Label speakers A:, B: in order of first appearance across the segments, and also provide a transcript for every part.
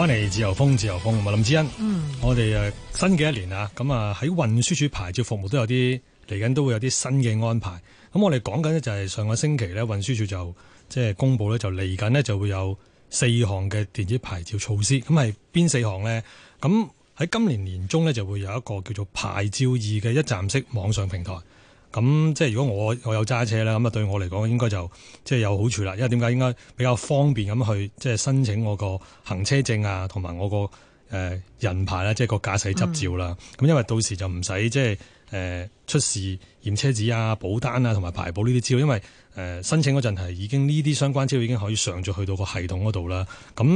A: 翻嚟自由風，自由風啊！林志恩，嗯、我哋誒新嘅一年啊，咁啊喺運輸署牌照服務都有啲嚟緊，都會有啲新嘅安排。咁我哋講緊呢，就係上個星期呢，運輸署就即係公佈呢，就嚟緊呢就會有四項嘅電子牌照措施。咁係邊四項呢？咁喺今年年中呢，就會有一個叫做牌照二嘅一站式網上平台。咁即係如果我我有揸車啦，咁啊對我嚟講應該就即係有好處啦，因為點解應該比較方便咁去即係申請我個行車證啊，同埋我個誒人牌啦即係個駕駛執照啦。咁、嗯、因為到時就唔使即係誒出示驗車紙啊、保單啊、同埋排保呢啲資料，因為誒申請嗰陣係已經呢啲相關資料已經可以上咗去到個系統嗰度啦。咁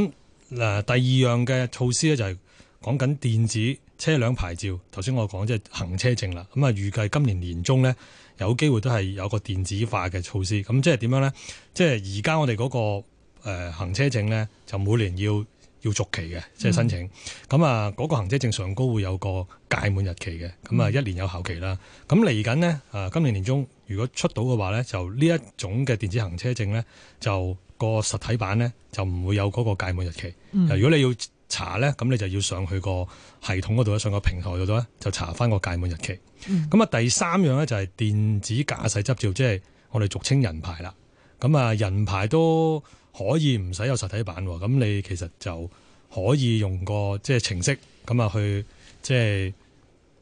A: 第二樣嘅措施咧就係講緊電子。車輛牌照，頭先我講即係行車證啦。咁啊，預計今年年中呢，有機會都係有個電子化嘅措施。咁即係點樣呢？即係而家我哋嗰、那個、呃、行車證呢，就每年要要續期嘅，即、就、係、是、申請。咁、嗯、啊，嗰、那個行車證上高會有個屆滿日期嘅。咁、嗯、啊，一年有效期啦。咁嚟緊呢，啊，今年年中如果出到嘅話呢，就呢一種嘅電子行車證呢，就個實體版呢，就唔會有嗰個屆滿日期、嗯。如果你要，查咧，咁你就要上去個系統嗰度咧，上個平台嗰度咧，就查翻個屆滿日期。咁、嗯、啊，第三樣咧就係電子駕駛執照，即係我哋俗稱人牌啦。咁啊，人牌都可以唔使有實體版，咁你其實就可以用個即係程式，咁啊去即係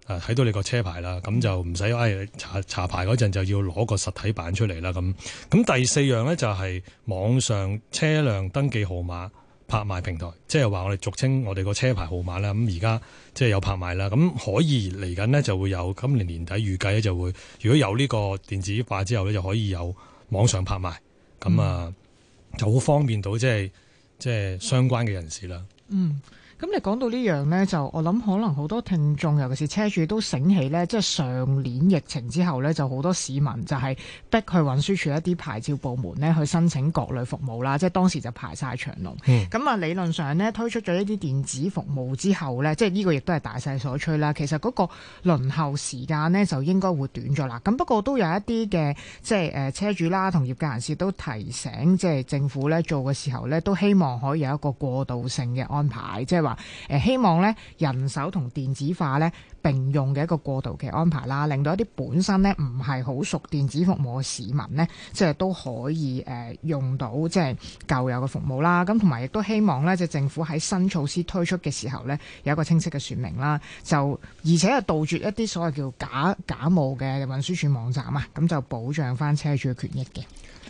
A: 啊睇到你個車牌啦，咁就唔使唉查查牌嗰陣就要攞個實體版出嚟啦。咁咁第四樣咧就係網上車輛登記號碼。拍賣平台，即係話我哋俗稱我哋個車牌號碼啦。咁而家即係有拍賣啦，咁可以嚟緊呢就會有，今年年底預計呢就會，如果有呢個電子化之後呢，就可以有網上拍賣，
B: 咁啊、嗯、
A: 就好方便到即係即係相關嘅人士啦。嗯。
B: 咁你講到呢樣咧，就我諗可能好多聽眾尤其是車主都醒起咧，即係上年疫情之後咧，就好多市民就係逼去運輸署一啲牌照部門咧去申請各類服務啦。即係當時就排晒長龍，嗯，咁啊，理論上咧推出咗呢啲電子服務之後咧，即係呢個亦都係大勢所趨啦。其實嗰個輪候時間咧就應該會短咗啦。咁不過都有一啲嘅即係誒車主啦同業界人士都提醒，即係政府咧做嘅時候咧，都希望可以有一個過渡性嘅安排，即係話。誒，希望咧，人手同電子化咧並用嘅一個過渡期安排啦，令到一啲本身咧唔係好熟電子服務嘅市民咧，即係都可以誒用到即係舊有嘅服務啦。咁同埋亦都希望咧，即政府喺新措施推出嘅時候咧，有一個清晰嘅說明啦。就而且係杜絕一啲所謂叫假假冒嘅運輸署網站啊，咁就保障翻車主嘅權益嘅。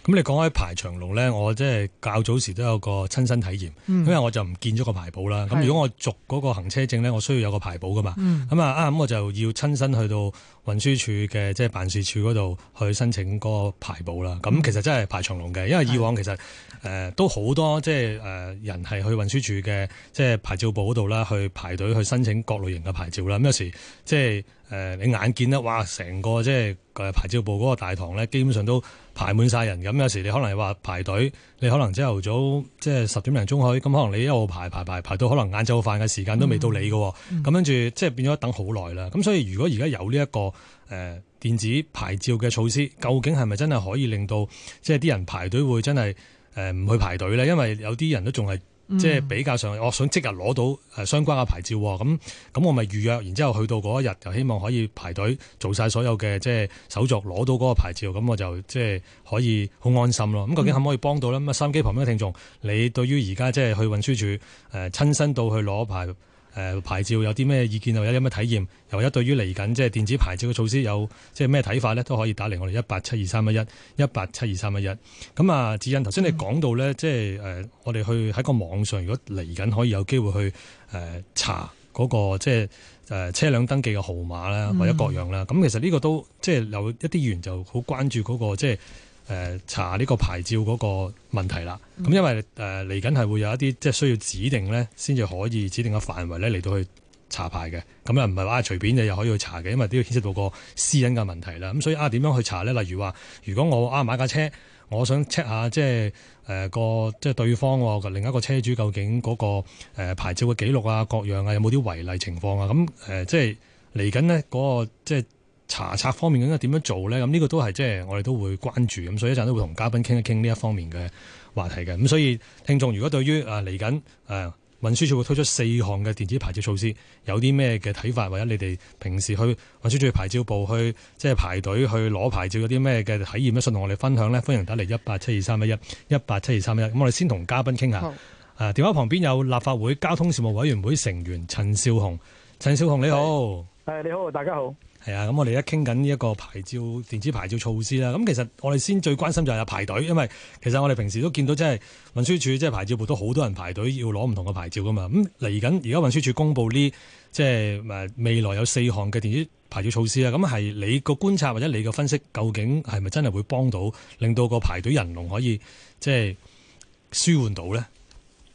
A: 咁你講開排長龍咧，我即係較早時都有個親身體驗，嗯、因為我就唔見咗個牌簿啦。咁如果我續嗰個行車證咧，我需要有個牌簿㗎嘛。咁、嗯、啊，咁我就要親身去到運輸署嘅即係辦事處嗰度去申請嗰個牌簿啦，咁其實真係排長龍嘅，因為以往其實、呃、都好多即係、呃、人係去運輸署嘅即係牌照簿嗰度啦，去排隊去申請各類型嘅牌照啦。咁有時即係、呃、你眼見得哇！成個即係誒牌照簿嗰個大堂咧，基本上都排滿晒人。咁有時你可能係話排隊，你可能朝頭早即係十點零鐘去，咁可能你一路排排排排，排到可能晏晝飯嘅時間都未到你嘅，咁跟住即係變咗等好耐啦。咁所以如果而家有呢、這、一個誒、呃，電子牌照嘅措施究竟係咪真係可以令到即係啲人排隊會真係誒唔去排隊呢？因為有啲人都仲係即係比較上，我、嗯哦、想即日攞到誒相關嘅牌照，咁咁我咪預約，然之後去到嗰一日，就希望可以排隊做晒所有嘅即係手續，攞到嗰個牌照，咁我就即係可以好安心咯。咁、嗯、究竟可唔可以幫到呢？咁啊，收音機旁邊嘅聽眾，你對於而家即係去運輸署誒親身到去攞牌？誒、呃、牌照有啲咩意見，又有啲咩體驗，又一對於嚟緊即係電子牌照嘅措施有即係咩睇法呢都可以打嚟我哋一八七二三一一一八七二三一一。咁啊，玉歡頭先你講到呢、嗯，即係誒、呃、我哋去喺個網上，如果嚟緊可以有機會去誒、呃、查嗰、那個即係誒、呃、車輛登記嘅號碼啦，或者各樣啦。咁、嗯、其實呢個都即係有一啲議員就好關注嗰、那個即係。誒查呢個牌照嗰個問題啦，咁、嗯、因為誒嚟緊係會有一啲即係需要指定呢，先至可以指定嘅範圍呢嚟到去查牌嘅。咁又唔係話隨便你又可以去查嘅，因為都要牽涉到個私隱嘅問題啦。咁所以啊，點樣去查呢？例如話，如果我啊買架車，我想 check 下即係誒個即係對方另一個車主究竟嗰個牌照嘅記錄啊、各樣啊，有冇啲違例情況啊？咁、嗯、誒、呃、即係嚟緊呢嗰個即係。查冊方面應該點樣做呢？咁、嗯、呢、這個都係即係我哋都會關注咁，所以一陣都會同嘉賓傾一傾呢一方面嘅話題嘅。咁、嗯、所以聽眾如果對於啊嚟緊誒運輸署會推出四項嘅電子牌照措施，有啲咩嘅睇法，或者你哋平時去運輸署牌照部去即係排隊去攞牌照，有啲咩嘅體驗咧，想同我哋分享呢。歡迎打嚟一八七二三一一一八七二三一。咁我哋先同嘉賓傾下。好、嗯，誒、啊、電話旁邊有立法會交通事務委員會成員陳紹雄。陳紹雄你好，誒、哎哎、你好，大家好。係啊，咁我哋一傾緊呢一個牌照電子牌照措施啦。咁其實我哋先最關心就係排隊，因為其實我哋平時都見到即係運輸署即係牌照部都好多人排隊要攞唔同嘅牌照噶嘛。咁嚟緊而家運輸署公布呢，即係未來有四項嘅電子牌照措施啦。咁係你個觀察或者你個分析，究竟係咪真係會幫到令到個排隊人龍可以即係舒緩到呢？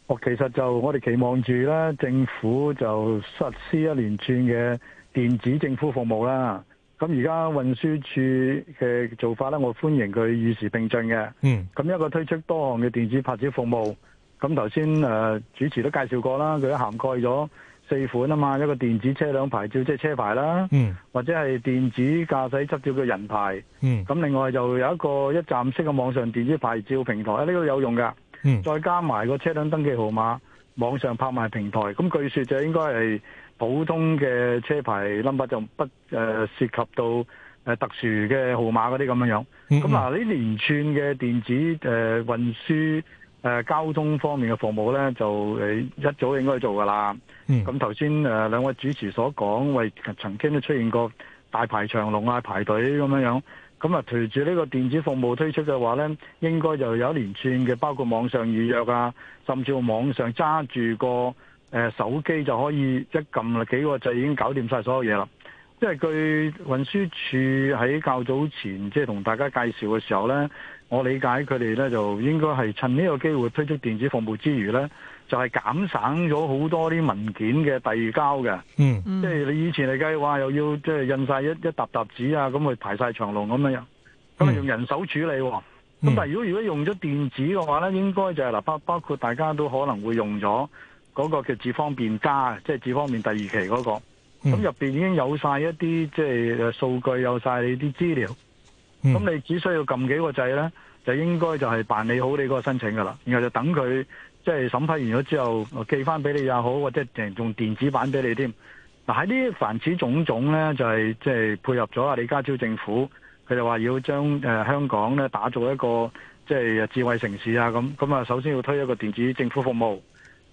C: 我其實就我哋期望住啦，政府就實施一連串嘅。電子政府服務啦，咁而家運輸署嘅做法咧，我歡迎佢與時並進嘅。嗯，咁一個推出多項嘅電子牌照服務，咁頭先誒主持都介紹過啦，佢都涵蓋咗四款啊嘛，一個電子車輛牌照即係、就是、車牌啦，嗯，或者係電子駕駛執照嘅人牌，嗯，咁另外就有一個一站式嘅網上電子牌照平台，呢、啊、個有用噶，嗯，再加埋個車輛登記號碼網上拍賣平台，咁據說就應該係。普通嘅車牌 number 就不誒涉及到特殊嘅號碼嗰啲咁樣樣。咁、嗯、啊呢、嗯、連串嘅電子誒、呃、運輸誒、呃、交通方面嘅服務咧，就一早應該去做噶啦。咁頭先誒兩位主持所講，為曾經都出現過大排長龍啊，排隊咁樣樣。咁啊隨住呢個電子服務推出嘅話咧，應該就有一連串嘅，包括網上預約啊，甚至乎網上揸住個。誒，手機就可以一撳幾個掣已經搞掂晒所有嘢啦。因為據運輸署喺較早前即係同大家介紹嘅時候呢，我理解佢哋呢，就應該係趁呢個機會推出電子服務之餘呢，就係減省咗好多啲文件嘅遞交嘅。嗯，即係你以前嚟計話又要即係印晒一一沓沓紙啊，咁去排晒長龍咁樣，咁啊用人手處理。咁、嗯、但係如果如果用咗電子嘅話呢，應該就係包包括大家都可能會用咗。嗰個叫自方便加，即係自方便第二期嗰個，咁入面已經有晒一啲即係數據，有晒你啲資料，咁你只需要撳幾個掣呢，就應該就係辦理好你嗰個申請噶啦。然後就等佢即係審批完咗之後，寄翻俾你也好，或者電用電子版俾你添。嗱，喺呢啲凡此種種呢，就係即係配合咗啊李家超政府，佢就話要將、呃、香港呢打造一個即係智慧城市啊咁。咁啊，首先要推一個電子政府服務。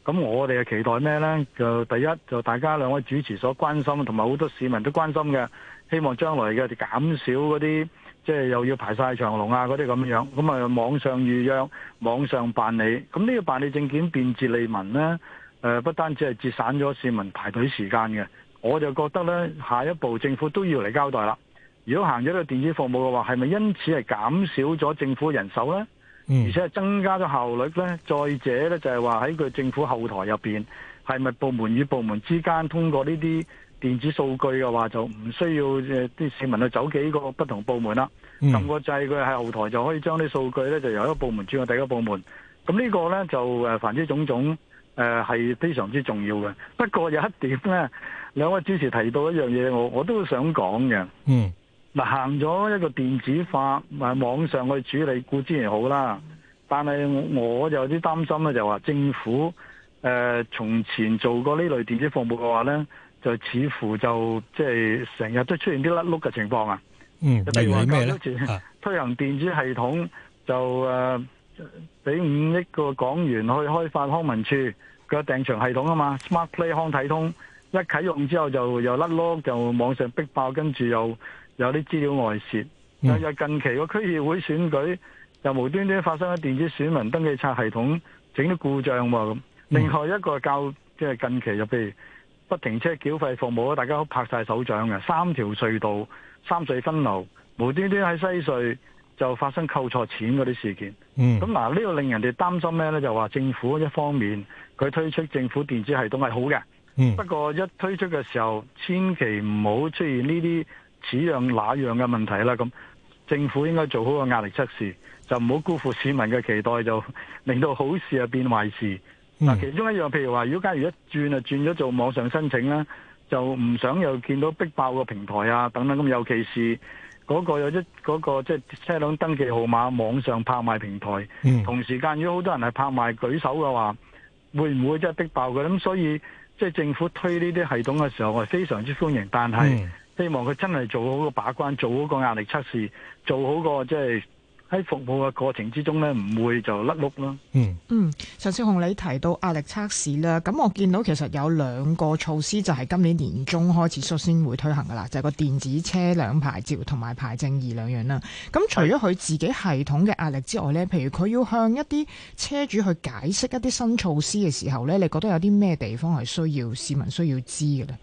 C: 咁我哋嘅期待咩呢？就第一就大家兩位主持所關心，同埋好多市民都關心嘅，希望將來嘅減少嗰啲，即係又要排晒長龍啊嗰啲咁樣。咁啊，網上預約，網上辦理，咁呢個辦理證件便捷利民咧。誒，不單止係節省咗市民排隊時間嘅，我就覺得咧，下一步政府都要嚟交代啦。如果行咗呢個電子服務嘅話，係咪因此係減少咗政府人手咧？嗯、而且係增加咗效率咧，再者咧就係話喺佢政府後台入邊，係咪部門與部門之間通過呢啲電子數據嘅話，就唔需要誒啲、呃、市民去走幾個不同部門啦。咁個掣佢喺後台就可以將啲數據咧，就由一個部門轉到第一個部門。咁呢個咧就誒凡之種種誒係、呃、非常之重要嘅。不過有一點咧，兩位主持提到一樣嘢，我我都想講嘅。嗯。嗱，行咗一個電子化，咪網上去處理固之然好啦。但係我就有啲擔心咧，就話政府誒、呃、從前做過呢類電子服務嘅話咧，就似乎就即係成日都出現啲甩碌嘅情況啊。嗯，
D: 例如話咩咧？
C: 推行電子系統就誒俾五億個港元去開發康文署嘅訂場系統啊嘛 ，SmartPlay 康體通一啟用之後就又甩碌，就網上逼爆，跟住又。有啲資料外泄，近期個區議會選舉又無端端發生咗電子選民登記冊系統整啲故障喎咁。另外一個較即係近期入譬如不停車繳費服務大家都拍晒手掌嘅。三條隧道，三隧分流，無端端喺西隧就發生扣錯錢嗰啲事件。咁、嗯、嗱，呢個令人哋擔心咩呢？就話政府一方面佢推出政府電子系統係好嘅、嗯，不過一推出嘅時候千祈唔好出現呢啲。此樣那樣嘅問題啦，咁政府應該做好個壓力測試，就唔好辜負市民嘅期待，就令到好事啊變壞事。嗱、嗯，其中一樣，譬如話，如果假如一轉啊轉咗做網上申請啦，就唔想又見到逼爆個平台啊等等。咁尤其是嗰、嗰個有一嗰個即係、嗰個即係、車輛登記號碼網上拍賣平台，嗯、同時間如果好多人係拍賣舉手嘅話，會唔會真係逼爆㗎？咁所以即係、即係、政府推呢啲系統嘅時候，我係非常之歡迎，但係，嗯希望佢真係做好個把關，做好個壓力測試，做好個即係喺服務嘅過程之中呢，唔會就甩碌咯。嗯
B: 嗯，上次同你提到壓力測試啦，咁我見到其實有兩個措施就係今年年中開始率先會推行噶啦，就係個電子車輛牌照同埋牌證二兩樣啦。咁除咗佢自己系統嘅壓力之外呢，譬如佢要向一啲車主去解釋一啲新措施嘅時候呢，你覺得有啲咩地方係需要市民需要知嘅呢？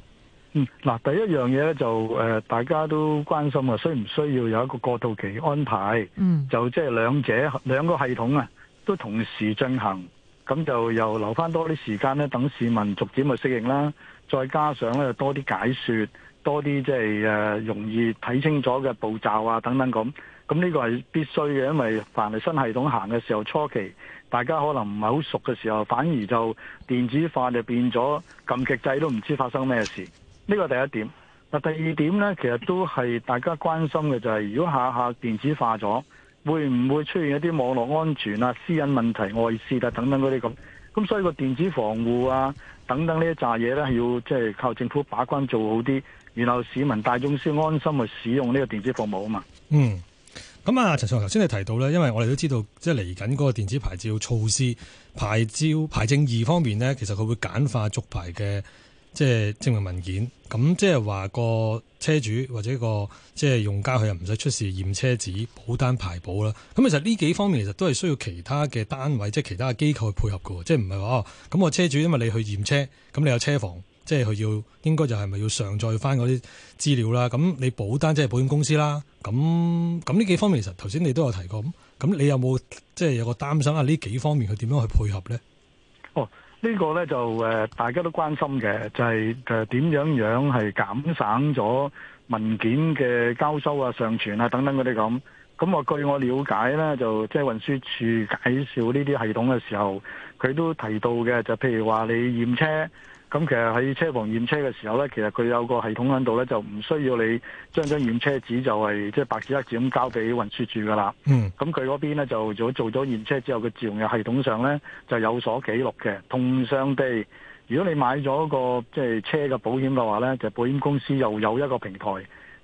C: 嗯，嗱，第一樣嘢咧就誒、呃，大家都關心啊，需唔需要有一個過渡期安排？嗯，就即係兩者兩個系統啊，都同時進行，咁就又留翻多啲時間咧，等市民逐漸去適應啦。再加上咧，多啲解說，多啲即係誒容易睇清楚嘅步驟啊，等等咁。咁呢個係必須嘅，因為凡係新系統行嘅時候初期，大家可能唔係好熟嘅時候，反而就電子化就變咗咁，極制都唔知發生咩事。呢個第一點，嗱第二點呢，其實都係大家關心嘅、就係，就係如果下下電子化咗，會唔會出現一啲網絡安全啊、私隱問題、外泄等等嗰啲咁？咁所以個電子防護啊，等等呢一揸嘢呢，咧，係要即係靠政府把關做好啲，然後市民大眾先安心去使用呢個電子服務啊嘛。嗯，
A: 咁、嗯、啊，陳 Sir 頭先你提到呢，因為我哋都知道，即係嚟緊嗰個電子牌照措施、牌照牌證二方面呢，其實佢會簡化續牌嘅。即係證明文件，咁即係話個車主或者個即係用家，佢又唔使出示驗車紙、保單排保啦。咁其實呢幾方面其實都係需要其他嘅單位，即係其他嘅機構去配合喎，即係唔係話哦。咁個車主因為你去驗車，咁你有車房，即係佢要應該就係咪要上載翻嗰啲資料啦？咁你保單即係保險公司啦。咁咁呢幾方面，其實頭先你都有提過。咁咁你有冇即係有個擔心啊？呢幾方面佢點樣去配合呢？
C: 呢、這個呢，就大家都關心嘅，就係、是、點樣樣係減省咗文件嘅交收啊、上傳啊等等嗰啲咁。咁我據我了解呢，就即係、就是、運輸署介紹呢啲系統嘅時候，佢都提到嘅，就譬如話你驗車。咁其實喺車房驗車嘅時候咧，其實佢有個系統喺度咧，就唔需要你將張驗車紙就係即係白紙黑字咁交俾運輸處噶啦。嗯，咁佢嗰邊咧就做做咗驗車之後，佢自動嘅系統上咧就有所記錄嘅。通常地，如果你買咗個即係車嘅保險嘅話咧，就保險公司又有一個平台，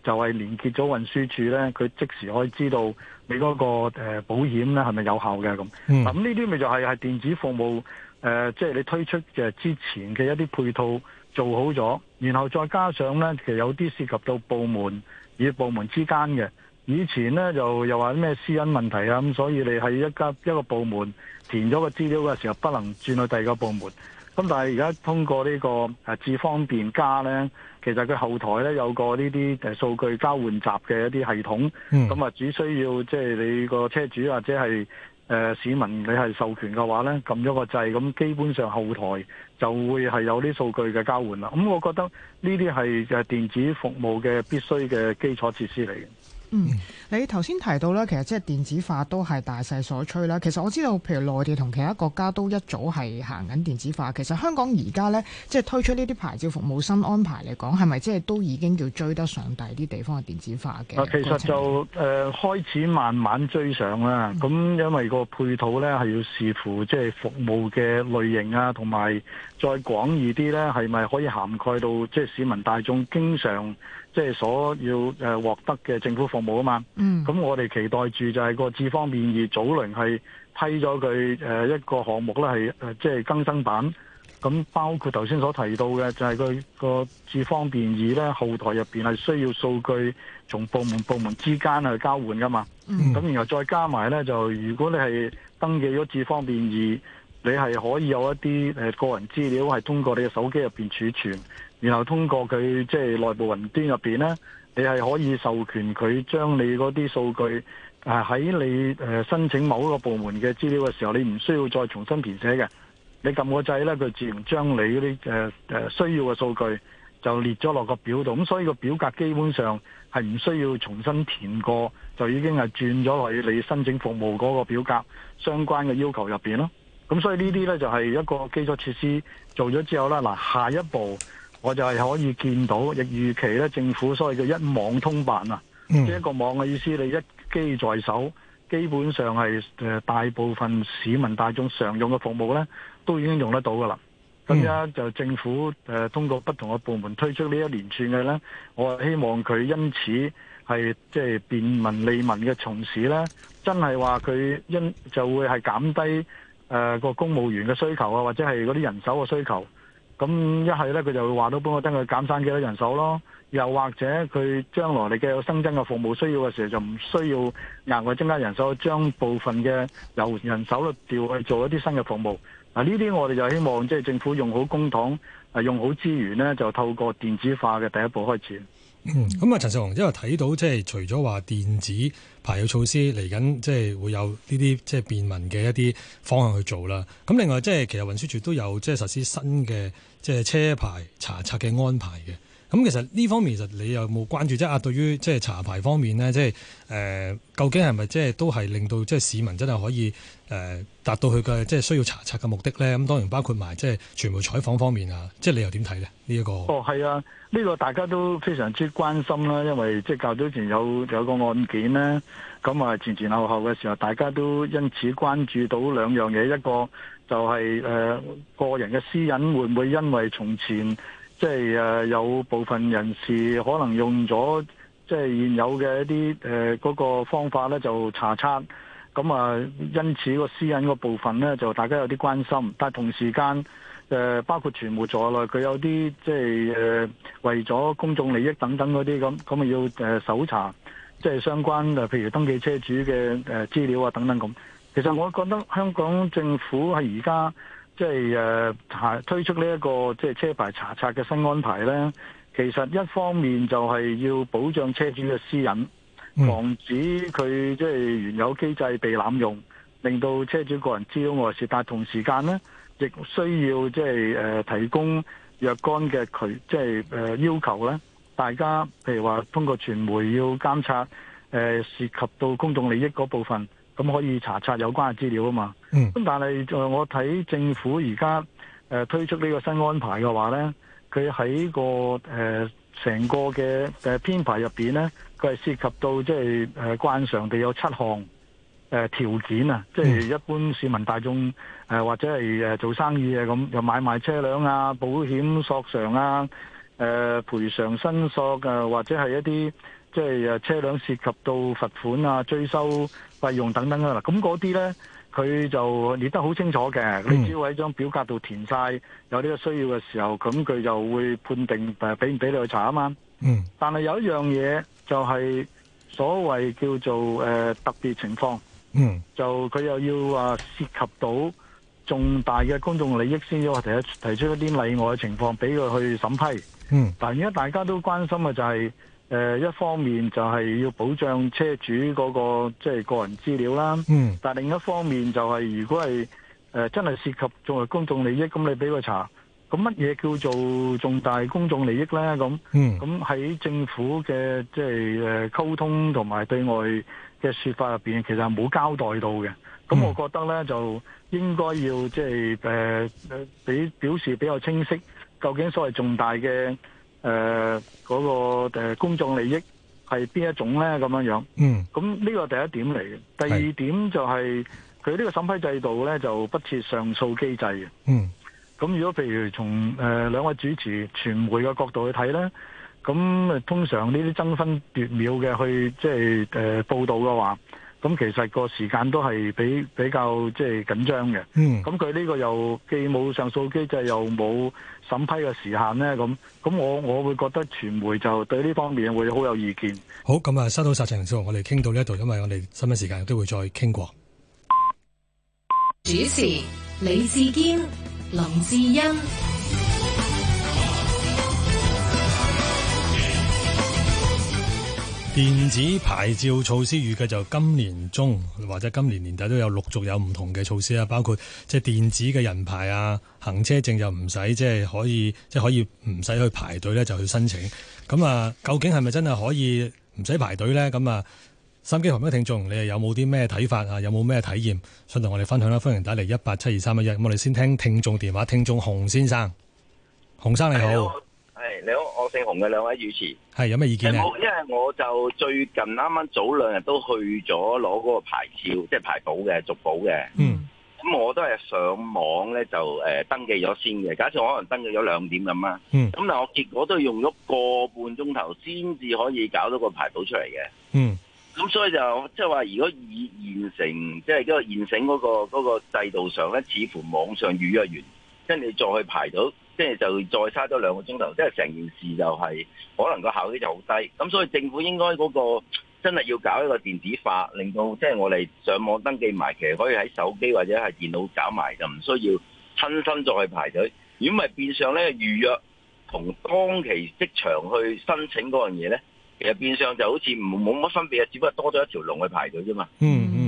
C: 就係連結咗運輸處咧，佢即時可以知道你嗰個保險咧係咪有效嘅咁。咁呢啲咪就係係電子服務。誒、呃，即係你推出嘅，之前嘅一啲配套做好咗，然後再加上呢，其實有啲涉及到部門與部門之間嘅。以前呢，就又話咩私隱問題啊，咁所以你喺一家一個部門填咗個資料嘅時候，不能轉去第二個部門。咁但係而家通過呢、這個誒、啊、智方便加呢，其實佢後台呢有個呢啲數據交換集嘅一啲系統，咁、嗯、啊、嗯、只需要即係你個車主或者係。誒市民，你係授權嘅話呢，撳咗個掣，咁基本上後台就會係有啲數據嘅交換啦。咁我覺得呢啲係誒電子服務嘅必須嘅基礎設施嚟。
B: 嗯，你頭先提到咧，其實即係電子化都係大勢所趨啦。其實我知道，譬如內地同其他國家都一早係行緊電子化。其實香港而家咧，即係推出呢啲牌照服務新安排嚟講，係咪即係都已經叫追得上第啲地方嘅電子化嘅？其實
D: 就
C: 誒、呃、開始慢慢追上啦。咁因為個配套咧係要視乎即係服務嘅類型啊，同埋再廣義啲咧係咪可以涵蓋到即係市民大眾經常。即係所要誒獲得嘅政府服務啊嘛，咁、mm. 我哋期待住就係個智方便異早輪係批咗佢誒一個項目咧，係誒即係更新版。咁包括頭先所提到嘅就係佢個智方便異咧後台入邊係需要數據從部門部門之間去交換噶嘛，咁、mm. 然後再加埋咧就如果你係登記咗智方便異。你係可以有一啲誒個人資料係通過你嘅手機入邊儲存，然後通過佢即係內部雲端入邊咧，你係可以授權佢將你嗰啲數據誒喺你誒申請某一個部門嘅資料嘅時候，你唔需要再重新填寫嘅。你撳個掣咧，佢自然將你嗰啲誒誒需要嘅數據就列咗落個表度，咁所以個表格基本上係唔需要重新填過，就已經係轉咗落去你申請服務嗰個表格相關嘅要求入邊咯。咁所以呢啲呢，就係一個基礎設施做咗之後啦，嗱下一步我就係可以見到亦預期呢政府所謂嘅一網通辦啊，即、嗯、係一個網嘅意思，你一機在手，基本上係誒大部分市民大眾常用嘅服務呢，都已經用得到噶啦。咁而家就政府誒通過不同嘅部門推出呢一連串嘅呢，我希望佢因此係即係便民利民嘅，從事呢，真係話佢因就會係減低。誒、呃，嗰個公務員嘅需求啊，或者係嗰啲人手嘅需求，咁一係呢，佢就會話到，幫我真佢減省幾多人手咯。又或者佢將來你嘅有新增嘅服務需要嘅時候，就唔需要額外增加人手，將部分嘅由人手調去做一啲新嘅服務。嗱呢啲我哋就希望即係、就是、政府用好公帑，啊、用好資源呢就透過電子化嘅第一步開始。
A: 嗯，咁啊，陳紹雄，因為睇到即係除咗話電子排油措施嚟緊，即係會有呢啲即係便民嘅一啲方向去做啦。咁另外即係其實運輸署都有即係實施新嘅即係車牌查冊嘅安排嘅。咁其實呢方面其實你有冇關注即係啊？對於即係查牌方面呢，即係誒究竟係咪即係都係令到即係市民真係可以誒達到佢嘅即係需要查冊嘅目的呢？咁當然包括埋即係傳媒採訪方面、哦、啊，即係你又點睇呢？呢一個
D: 哦係
C: 啊，呢個大家都非常之關心啦，因為即係較早前有有個案件呢，咁啊前前後後嘅時候，大家都因此關注到兩樣嘢，一個就係誒個人嘅私隱會唔會因為從前。即係誒有部分人士可能用咗即係現有嘅一啲誒嗰個方法咧，就查冊，咁啊，因此個私隱個部分咧，就大家有啲關心。但係同時間誒包括傳媒在內，佢有啲即係誒為咗公眾利益等等嗰啲咁，咁啊要誒搜查即係相關誒，譬如登記車主嘅誒資料啊等等咁。其實我覺得香港政府係而家。即係誒查推出呢一個即係車牌查冊嘅新安排咧，其實一方面就係要保障車主嘅私隱，防止佢即係原有機制被濫用，令到車主個人知道外洩。但係同時間咧，亦需要即係誒提供若干嘅佢即係誒要求咧，大家譬如話通過傳媒要監察誒涉及到公眾利益嗰部分。咁可以查冊有關嘅資料啊嘛。咁、嗯、但係就我睇政府而家、呃、推出呢個新安排嘅話咧，佢喺個誒成、呃、個嘅誒、呃、編排入面呢，咧，佢係涉及到即係誒慣常地有七項誒、呃、條件啊，即、就、係、是、一般市民大眾、呃、或者係做生意嘅咁又買賣車輛啊、保險索償啊、誒、呃、賠償申索啊，或者係一啲即係誒車輛涉及到罰款啊、追收。費用等等啦，咁嗰啲呢，佢就列得好清楚嘅，嗯。你只要喺張表格度填晒有呢個需要嘅時候，咁佢就會判定誒，俾唔俾你去查啊嘛。嗯。但係有一樣嘢就係所謂叫做誒、呃、特別情況，嗯，就佢又要話、啊、涉及到重大嘅公眾利益，先至提出提出一啲例外嘅情況，俾佢去審批。嗯。但而家大家都關心嘅就係、是。誒、呃，一方面就係要保障車主嗰、那個即係、就是、個人資料啦。嗯。但另一方面就係、是、如果係誒、呃、真係涉及作為公眾利益，咁你俾個查，咁乜嘢叫做重大公眾利益呢？咁咁喺政府嘅、即係誒溝通同埋對外嘅說法入邊，其實係冇交代到嘅。咁我覺得呢，就應該要即係誒俾表示比較清晰，究竟所謂重大嘅。誒、呃、嗰、嗰個誒、呃、公眾利益係邊一種咧？咁樣樣，嗯，咁呢個第一點嚟嘅。第二點就係佢呢個審批制度咧就不設上訴機制嘅。嗯，咁如果譬如從誒兩位主持傳媒嘅角度去睇咧，咁通常呢啲爭分奪秒嘅去即係誒報道嘅話，咁其實個時間都係比比較即係緊張嘅。嗯，咁佢呢個又既冇上訴機制又冇。審批嘅時限咧，咁咁我我會覺得傳媒就對呢方面會好有意見。
A: 好，咁、嗯、啊，收到實情數，我哋傾到呢一度，因為我哋審批時間都會再傾過。
B: 主持李志堅、林志恩。
A: 電子牌照措施預計就今年中或者今年年底都有陸續有唔同嘅措施啊，包括即係電子嘅人牌啊，行車證不用就唔使即係可以即係、就是、可以唔使去排隊呢，就去申請。咁啊，究竟係咪真係可以唔使排隊呢？咁啊，收機旁邊嘅聽眾，你哋有冇啲咩睇法啊？有冇咩體驗想同我哋分享啦。歡迎打嚟一八七二三一一。我哋先聽聽眾電話，聽眾洪先生，洪生你好，係、
E: 哎、你好。姓洪嘅兩位主持，
A: 係有咩意見啊？
E: 因為我就最近啱啱早兩日都去咗攞嗰個牌照，即係牌簿嘅續保嘅。嗯，咁我都係上網咧就誒、呃、登記咗先嘅。假設我可能登記咗兩點咁啦。嗯，咁但我結果都用咗個半鐘頭先至可以搞到個牌簿出嚟嘅。嗯，咁所以就即係話，就是、說如果以現成即係嗰個現成嗰、那個那個制度上咧，似乎網上預約完，跟、就、住、是、再去排到。即係就再差咗兩個鐘頭，即係成件事就係、是、可能個效率就好低。咁所以政府應該嗰、那個真係要搞一個電子化，令到即係我哋上網登記埋，其實可以喺手機或者係電腦搞埋，就唔需要親身再去排隊。如果咪變相咧預約同當期即場去申請嗰樣嘢咧，其實變相就好似唔冇乜分別，只不過多咗一條龍去排隊啫嘛。嗯嗯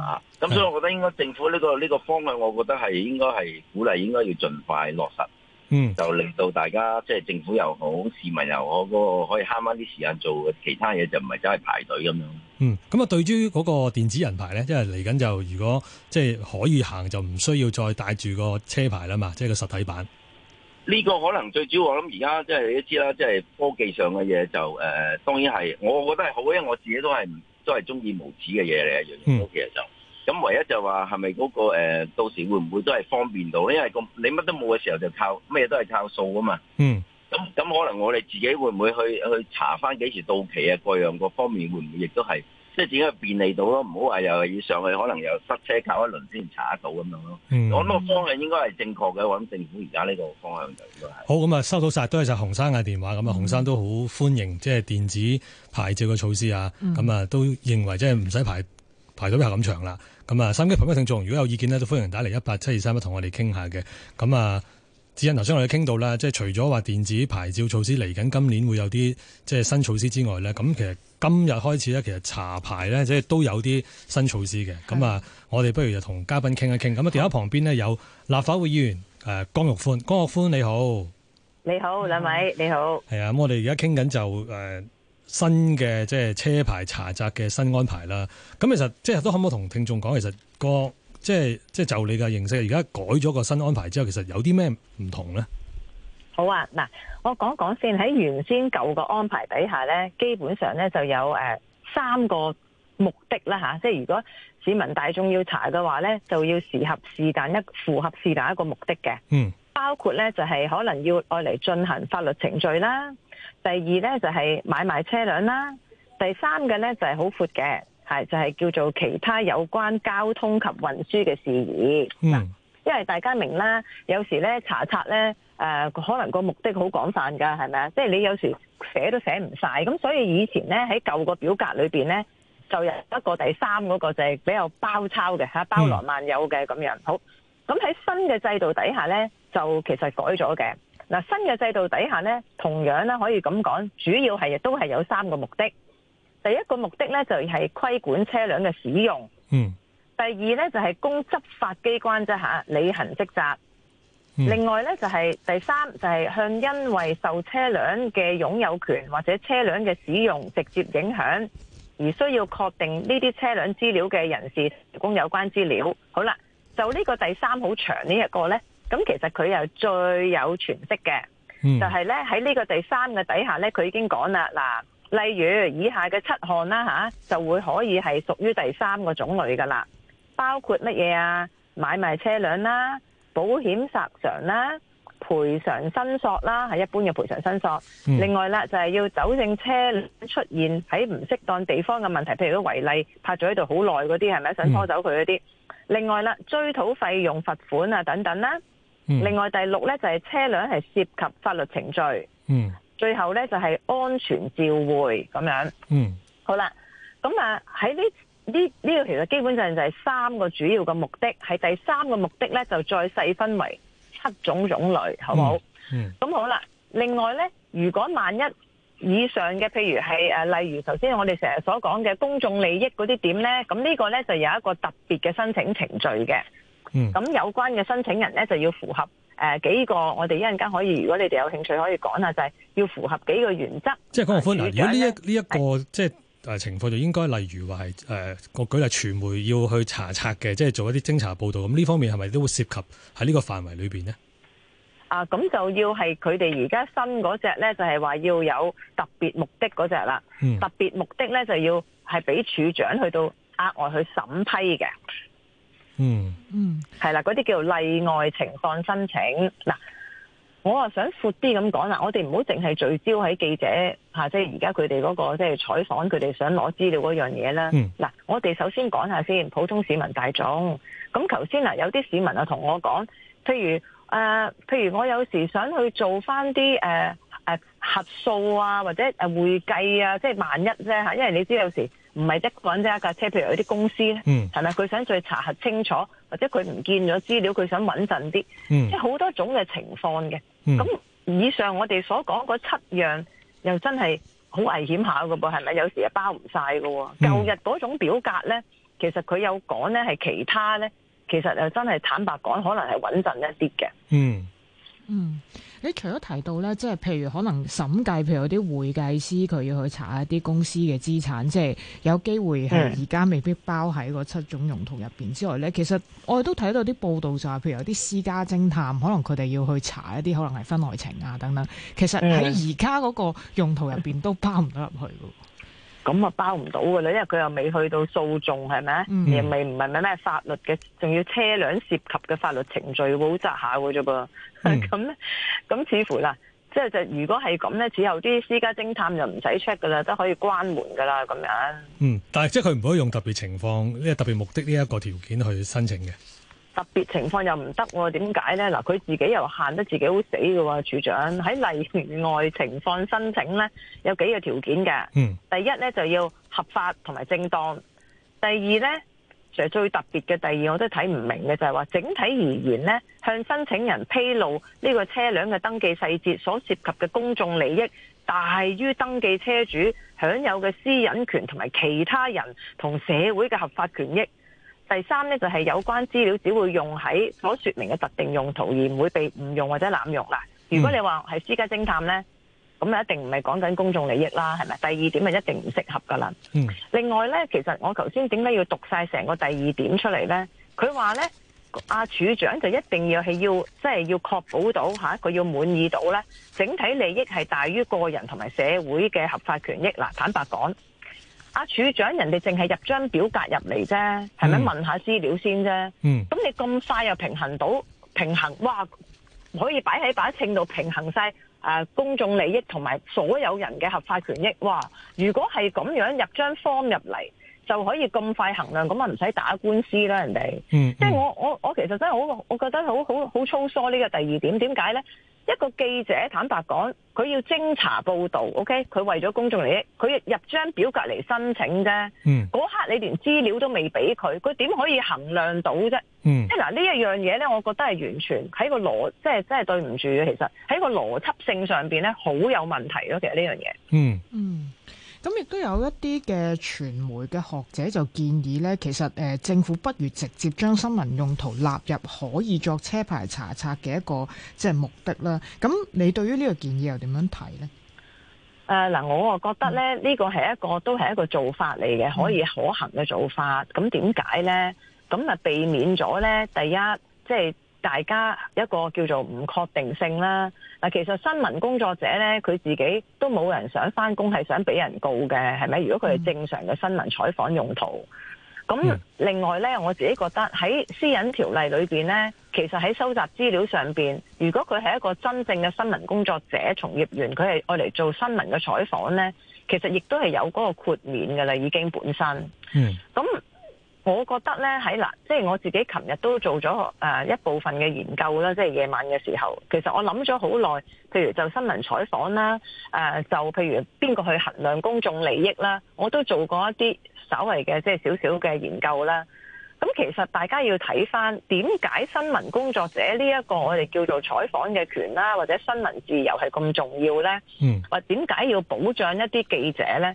E: 啊，咁所以我覺得應該政府呢、這個呢、這個方向，我覺得係應該係鼓勵應該要盡快落實。
D: 嗯，就令
E: 到大家即係政府又好，市民又好，個可以慳翻啲時間做其他嘢，就唔係真係排隊咁樣。嗯，
D: 咁
A: 啊，對住嗰個電子人牌咧，即係嚟緊就如果即係可以行，就唔需要再帶住個車牌啦嘛，即係個實體版。
E: 呢個可能最主要，我諗而家即係你都知啦，即係科技上嘅嘢就，誒呃，當然係，我覺得係好嘅，因為我自己都係都係中意無紙嘅嘢嚟一樣，其實就。嗯咁唯一就話係咪嗰個到時會唔會都係方便到？因為你乜都冇嘅時候就靠咩都係靠數啊嘛。嗯。咁咁可能我哋自己會唔會去去查翻幾時到期啊？各樣各方面會唔會亦都係即係點去便利到咯？唔好話又要上去可能又塞車靠一輪先查得到咁樣咯。我諗個方向應該係正確嘅，我諗政府而家呢個方向就應該
A: 係。好咁啊、嗯！收到曬，都係就洪生嘅電話咁啊！洪、嗯、生都好歡迎即係電子牌照嘅措施啊！咁、嗯、啊、嗯、都認為即係唔使排排隊咁長啦。咁、嗯、啊，三機朋友，聽眾，如果有意見咧，都歡迎打嚟一八七二三一，同、嗯、我哋傾下嘅。咁啊，智恩頭先我哋傾到啦，即係除咗話電子牌照措施嚟緊，今年會有啲即係新措施之外呢，咁其實今日開始呢，其實查牌呢，即係都有啲新措施嘅。咁、嗯、啊、嗯嗯，我哋不如就同嘉賓傾一傾。咁啊，電話旁邊呢，有立法會議員誒江玉歡，江玉歡你好，
F: 你好、嗯、兩位你好。
A: 係啊，咁、嗯、我哋而家傾緊就誒。呃新嘅即係車牌查冊嘅新安排啦，咁其實即係都可唔可以同聽眾講，其實、那個即係即係就你嘅認識，而家改咗個新安排之後，其實有啲咩唔同咧？
F: 好啊，嗱，我講講先喺原先舊個安排底下咧，基本上咧就有誒、呃、三個目的啦吓、啊，即係如果市民大眾要查嘅話咧，就要符合是但一符合是但一個目的嘅，嗯，包括咧就係可能要愛嚟進行法律程序啦。第二咧就係、是、買賣車輛啦，第三嘅咧就係好闊嘅，係就係、是、叫做其他有關交通及運輸嘅事宜、嗯。因為大家明啦，有時咧查冊咧誒，可能個目的好廣泛噶，係咪啊？即、就、係、是、你有時寫都寫唔晒，咁所以以前咧喺舊個表格裏邊咧，就有一個第三嗰、那個就係、是、比較包抄嘅，吓包羅萬有嘅咁樣、嗯。好，咁喺新嘅制度底下咧，就其實改咗嘅。嗱，新嘅制度底下咧，同樣咧可以咁講，主要係都係有三個目的。第一個目的咧就係規管車輛嘅使用，
D: 嗯。
F: 第二咧就係供執法機關啫下履行職責。嗯、
D: 另
F: 外咧就係、是、第三就係向因為受車輛嘅擁有權或者車輛嘅使用直接影響而需要確定呢啲車輛資料嘅人士提供有關資料。好啦，就呢個第三好長呢個呢一個咧。咁其實佢又最有詮釋嘅，就係咧喺呢個第三個底下咧，佢已經講啦。嗱，例如以下嘅七項啦吓，就會可以係屬於第三個種類噶啦，包括乜嘢啊？買賣車輛啦、保險索償啦、賠償申索啦，係一般嘅賠償申索。另外啦，就係要糾正車出現喺唔適當地方嘅問題，譬如都違例，泊咗喺度好耐嗰啲，係咪想拖走佢嗰啲？另外啦，追討費用、罰款啊等等啦。嗯、另外第六咧就係、是、車輛係涉及法律程序，嗯，最後咧就係、是、安全召回咁樣，嗯，好啦，咁啊喺呢呢呢個其實基本上就係三個主要嘅目的，係第三個目的咧就再細分為七種種類，好唔好？嗯，咁、嗯、好啦，另外咧，如果萬一以上嘅，譬如係誒、啊、例如頭先我哋成日所講嘅公眾利益嗰啲點咧，咁呢個咧就有一個特別嘅申請程序嘅。嗯，咁有關嘅申請人咧就要符合誒、呃、幾個，我哋一陣間可以，如果你哋有興趣可以講下，就係、是、要符合幾個原則。即係講個寬梁、呃、如果呢一
A: 呢一、這個即係誒情況，就應該例如話係誒個舉例，傳媒要去查冊嘅，即、就、係、是、做一啲偵查報道。咁呢方面係咪都會涉及喺呢個範圍裏邊呢？
F: 啊、呃，咁就要係佢哋而家新嗰隻咧，就係、是、話要有特別目的嗰隻啦。特別目的咧就要係俾處長去到額外去審批嘅。嗯嗯，係、嗯、啦，嗰啲叫例外情況申請。嗱，我啊、就是那個就是、想闊啲咁講啦，我哋唔好淨係聚焦喺記者吓，即係而家佢哋嗰個即係採訪佢哋想攞資料嗰樣嘢啦。嗱，我哋首先講下先，普通市民大眾。咁頭先嗱，有啲市民啊同我講，譬如誒、呃，譬如我有時想去做翻啲誒誒核數啊，或者誒會計啊，即、就、係、是、萬一啫吓，因為你知道有時。唔係即搵即一架車，譬如有啲公司咧，係咪佢想再查核清楚，或者佢唔見咗資料，佢想穩陣啲，即係好多種嘅情況嘅。咁、嗯、以上我哋所講嗰七樣，又真係好危險下噶噃，係咪？有時係包唔晒噶。舊、嗯、日嗰種表格咧，其實佢有講咧係其他咧，其實又真係坦白講，可能係穩陣一啲嘅。嗯，
B: 嗯。你除咗提到咧，即係譬如可能審計，譬如有啲會計師佢要去查一啲公司嘅資產，即係有機會係而家未必包喺嗰七種用途入面之外咧。嗯、其實我哋都睇到啲報道就係，譬如有啲私家偵探，可能佢哋要去查一啲可能係婚外情啊、等等。其實喺而家嗰個用途入面，都包唔到入去嘅。嗯
F: 咁啊包唔到噶啦，因為佢又未去到訴訟係咪？又未唔係咩咩法律嘅，仲要車輛涉及嘅法律程序會好窄下嘅啫噃。咁咧，咁、嗯、似乎啦，即係就如果係咁咧，以後啲私家偵探就唔使 check 噶啦，都可以關門噶啦，咁樣。
A: 嗯，但係即係佢唔可以用特別情況呢、特別目的呢一個條件去申請嘅。
F: 特別情況又唔得？啊，點解呢？嗱，佢自己又限得自己好死嘅喎，啊，處長喺例外情況申請呢，有幾個條件嘅。嗯，第一呢，就要合法同埋正當，第二呢，就是，最特別嘅第二，我都睇唔明嘅就係話，整體而言呢，向申請人披露呢個車輛嘅登記細節所涉及嘅公眾利益，大於登記車主享有嘅私隱權同埋其他人同社會嘅合法權益。第三咧就係、是、有關資料只會用喺所説明嘅特定用途，而唔會被誤用或者濫用啦。如果你話係私家偵探咧，咁咪一定唔係講緊公眾利益啦，係咪？第二點咪一定唔適合噶啦、嗯。另外咧，其實我頭先點解要讀晒成個第二點出嚟咧？佢話咧，阿、啊、處長就一定要係要即係要確保到吓佢要滿意到咧，整體利益係大於個人同埋社會嘅合法權益嗱。坦白講。阿、啊、處長，人哋淨係入張表格入嚟啫，係咪、嗯、問下資料先啫？咁、嗯、你咁快又平衡到平衡？哇！可以擺喺把秤度平衡晒誒、呃、公衆利益同埋所有人嘅合法權益？哇！如果係咁樣入張 form 入嚟，就可以咁快衡量，咁啊唔使打官司啦，人、嗯、哋。即、嗯、係、就是、我我我其實真係好，我覺得好好好粗疏呢個第二點，點解咧？一個記者坦白講，佢要偵查報道，OK？佢為咗公眾利益，佢入張表格嚟申請啫。嗯，嗰刻你連資料都未俾佢，佢點可以衡量到啫？
D: 嗯，即嗱，
F: 呢一樣嘢咧，我覺得係完全喺個邏，即係即係對唔住，其實喺個邏輯性上邊咧，好有問題咯。其實呢樣嘢，嗯嗯。
B: 咁亦都有一啲嘅傳媒嘅學者就建議呢，其實誒、呃、政府不如直接將新聞用途納入可以作車牌查冊嘅一個即係、就是、目的啦。咁你對於呢個建議又點樣睇呢？
F: 誒、呃、嗱，我啊覺得咧，呢個係一個都係一個做法嚟嘅、嗯，可以可行嘅做法。咁點解呢？咁啊避免咗呢，第一，即係。就是大家一個叫做唔確定性啦。嗱，其實新聞工作者咧，佢自己都冇人想返工，係想俾人告嘅，係咪？如果佢係正常嘅新聞採訪用途。咁另外咧，我自己覺得喺私隱條例裏邊咧，其實喺收集資料上邊，如果佢係一個真正嘅新聞工作者從業員，佢係愛嚟做新聞嘅採訪咧，其實亦都係有嗰個豁免㗎啦，已經本身。嗯。咁。我覺得呢，喺嗱，即係我自己琴日都做咗誒、呃、一部分嘅研究啦，即係夜晚嘅時候，其實我諗咗好耐，譬如就新聞採訪啦，誒、呃、就譬如邊個去衡量公眾利益啦，我都做過一啲稍微嘅即係少少嘅研究啦。咁其實大家要睇翻點解新聞工作者呢一個我哋叫做採訪嘅權啦，或者新聞自由係咁重要呢，嗯、或者點解要保障一啲記者呢？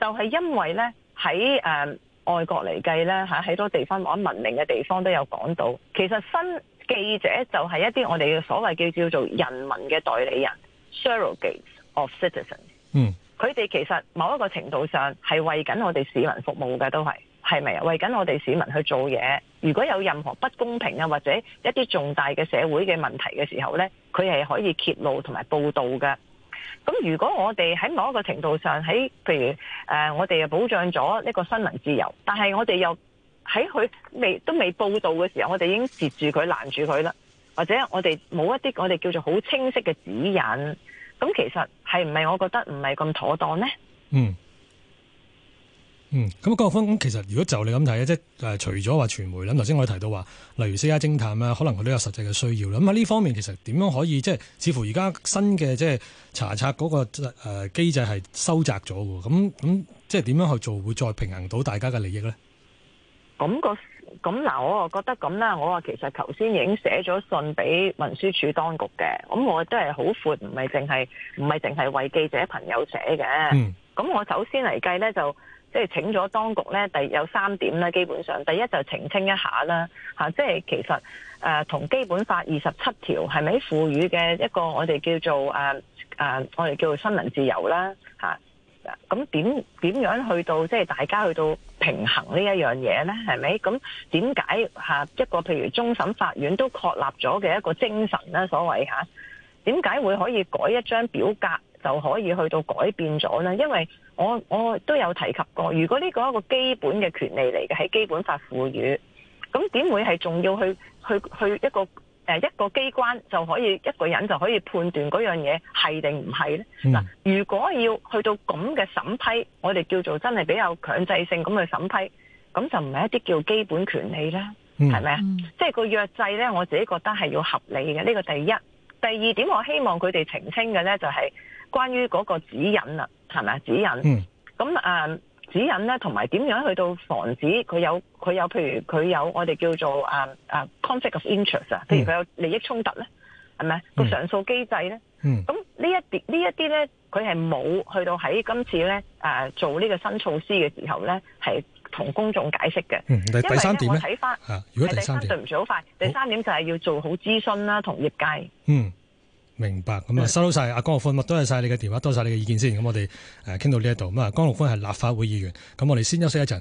F: 就係、係、因為呢，喺誒。呃外國嚟計咧嚇，喺多地方，某啲文明嘅地方都有講到。其實新記者就係一啲我哋嘅所謂叫叫做人民嘅代理人 （surrogates of citizens）。嗯，佢哋其實某一個程度上係為緊我哋市民服務嘅，都係係咪啊？為緊我哋市民去做嘢。如果有任何不公平啊，或者一啲重大嘅社會嘅問題嘅時候咧，佢係可以揭露同埋報導嘅。咁如果我哋喺某一個程度上，喺譬如誒、呃，我哋又保障咗呢個新聞自由，但係我哋又喺佢未都未報道嘅時候，我哋已經截住佢，攔住佢啦，或者我哋冇一啲我哋叫做好清晰嘅指引，咁其實係唔係我覺得唔係咁妥當呢？嗯。
A: 嗯，咁江玉歡其實如果就你咁睇即係除咗話傳媒咧，頭先我提到話，例如私家偵探啦，可能佢都有實際嘅需要啦。咁喺呢方面，其實點樣可以即係，似乎而家新嘅即係查冊嗰個誒機制係收窄咗嘅。咁咁即係點樣去做，會再平衡到大家嘅利益呢？
F: 咁、那個咁嗱，我啊覺得咁啦，我話其實頭先已經寫咗信俾運輸處當局嘅。咁我都係好闊，唔係淨係唔係淨係為記者朋友寫嘅。咁、嗯、我首先嚟計呢就。即係請咗當局咧，第有三點咧，基本上第一就澄清一下啦，嚇，即係其實誒同基本法二十七條係咪賦予嘅一個我哋叫做誒誒，我哋叫做新聞自由啦，嚇。咁點點樣去到即係大家去到平衡這件事呢一樣嘢咧？係咪？咁點解嚇一個譬如終審法院都確立咗嘅一個精神咧？所謂嚇，點解會可以改一張表格就可以去到改變咗咧？因為我我都有提及過，如果呢個一個基本嘅權利嚟嘅，喺基本法賦予，咁點會係仲要去去去一個誒、呃、一個機關就可以一個人就可以判斷嗰樣嘢係定唔係咧？嗱、嗯，如果要去到咁嘅審批，我哋叫做真係比較強制性咁去審批，咁就唔係一啲叫基本權利啦，係咪啊？即係、就是、個約制咧，我自己覺得係要合理嘅呢、這個第一。第二點，我希望佢哋澄清嘅咧就係、是。關於嗰個指引啊，係咪指引？嗯、咁、嗯、誒指引咧，同埋點樣去到防止佢有佢有，譬如佢有 uh, uh, interest，嗯，譬如佢有我哋叫做誒 conflict of interest 啊，譬如佢有利益衝突咧，係咪個上訴機制咧？嗯、咁、那個、呢一啲、嗯嗯、呢一啲咧，佢係冇去到喺今次咧誒、啊、做呢個新措施嘅時候咧，係同公眾解釋嘅。嗯，第第三點我睇返，如果第三對唔住好快。好，第三點就係要做好諮詢啦，同業界。嗯。
A: 明白咁啊，收到晒阿江玉歡，多謝晒你嘅電話，多謝晒你嘅意見先。咁我哋誒傾到呢一度咁啊，江玉歡係立法會議員，咁我哋先休息一陣。